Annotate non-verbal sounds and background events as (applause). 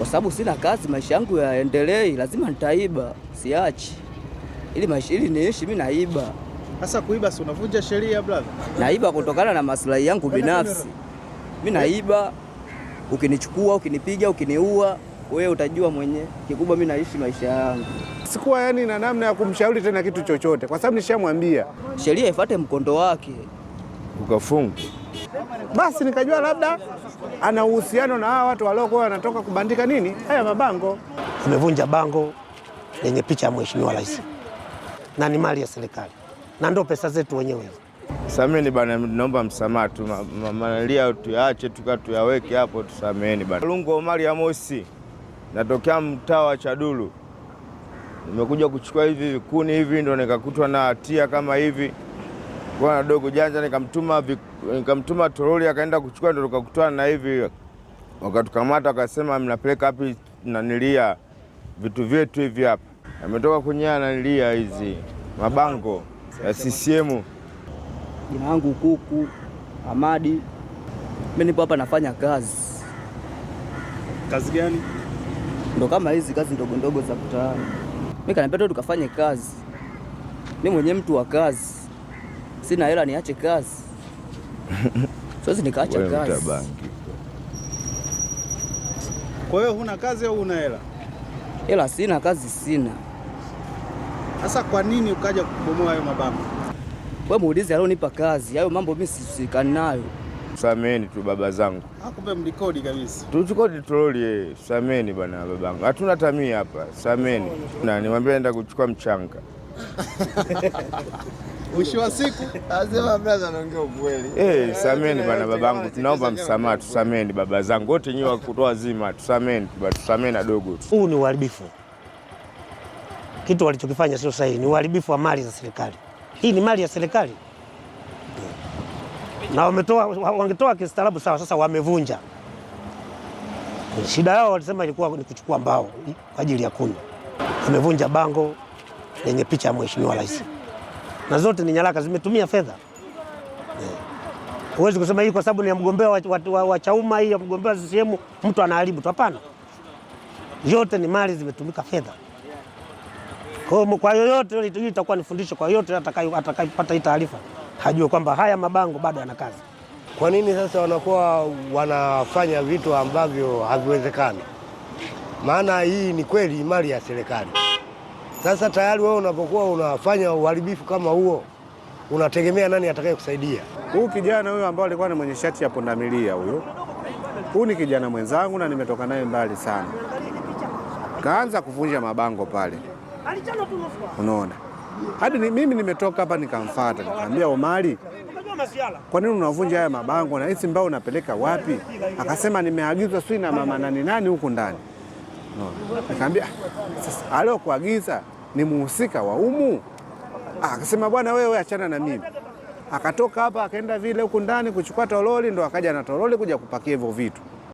kwa sababu sina kazi, maisha yangu yaendelee, lazima nitaiba, siachi ili maisha ili niishi. Mimi naiba sasa. Kuiba si unavunja sheria brother? Naiba kutokana na maslahi yangu binafsi. Mimi naiba, ukinichukua, ukinipiga, ukiniua, wewe utajua mwenye Kikubwa mimi naishi maisha yangu, sikuwa yani na namna ya kumshauri tena kitu chochote, kwa sababu nishamwambia sheria ifuate mkondo wake. Ukafungwa basi, nikajua labda ana uhusiano na hawa watu waliokuwa wanatoka kubandika nini haya mabango. Amevunja bango lenye picha ya mheshimiwa rais na ni mali ya serikali na ndio pesa zetu wenyewe. Sameni bana, naomba msamaha tu, manalia tuyaache tuka tuyaweke hapo, tusameni bana. Lungu Omari mosi natokea mtaa wa Chadulu, nimekuja kuchukua hivi vikuni hivi, ndo nikakutwa na hatia kama hivi bwana dogo janja, nikamtuma nikamtuma toroli akaenda kuchukua, ndo tukakutana na hivi wakatukamata, wakasema mnapeleka wapi? nanilia vitu vyetu hivi hapa, ametoka kunyea nanilia hizi mabango ya CCM. Jina langu Kuku Hamadi, mimi nipo hapa nafanya kazi. Kazi gani? Ndo kama hizi kazi ndogo ndogo za mtaani. Mimi kanipenda tukafanye kazi, mimi mwenye mtu wa kazi sina hela niache kazi. (laughs) Siwezi nikaacha kazi. Kwa hiyo huna kazi au una hela? Hela sina, kazi sina. Sasa kwa nini ukaja kubomoa hayo mabango? We muulize alionipa kazi, hayo mambo mimi sisikani nayo. Sameni tu baba zangu. Hakumbe mlikodi kabisa. troli eh. sameni bwana babangu. Hatuna tamii hapa, sameni. Na niwaambia naenda kuchukua mchanga. (laughs) Mwisho wa siku anasema brother anaongea ukweli. Eh, sameni bana babangu, tunaomba msamaha, tusameni baba zangu wote nyewe wakutoa wazima, tusameni baba, tusameni adogo Huu ni uharibifu, kitu walichokifanya sio sahihi, ni uharibifu wa mali za serikali. Hii ni mali ya serikali na wametoa, wangetoa kistaarabu sawa. Sasa wamevunja, shida yao walisema ilikuwa ni kuchukua mbao kwa ajili ya kuni. Wamevunja bango lenye picha ya mheshimiwa rais na zote ni nyaraka zimetumia fedha yeah. Huwezi kusema hii kwa sababu ni ya mgombea wa, wa, wa, wa Chauma, hii ya mgombea sehemu mtu anaharibu tu, hapana. Yote ni mali zimetumika fedha. Kwa kwa yoyote hii itakuwa ni fundisho kwa yoyote atakayepata hii taarifa, hajue kwamba haya mabango bado yana kazi. Kwa nini sasa wanakuwa wanafanya vitu ambavyo haviwezekani? Maana hii ni kweli mali ya serikali. Sasa tayari wewe unapokuwa unafanya uharibifu kama huo, unategemea nani atakaye kusaidia? Huyu kijana huyu ambao alikuwa ni mwenye shati ya pundamilia huyu, huyu ni kijana mwenzangu na nimetoka naye mbali sana, kaanza kuvunja mabango pale, unaona hadi ni, mimi nimetoka hapa nikamfuata, nikamwambia Omari, kwa nini unavunja haya mabango na hizi mbao unapeleka wapi? Akasema nimeagizwa si na mama nani nani huku ndani. Nikamwambia sasa, aliokuagiza ni muhusika wa umu? Akasema bwana, wewe achana na mimi. Akatoka hapa akaenda vile huku ndani kuchukua toroli, ndo akaja na toroli kuja kupakia hivyo vitu.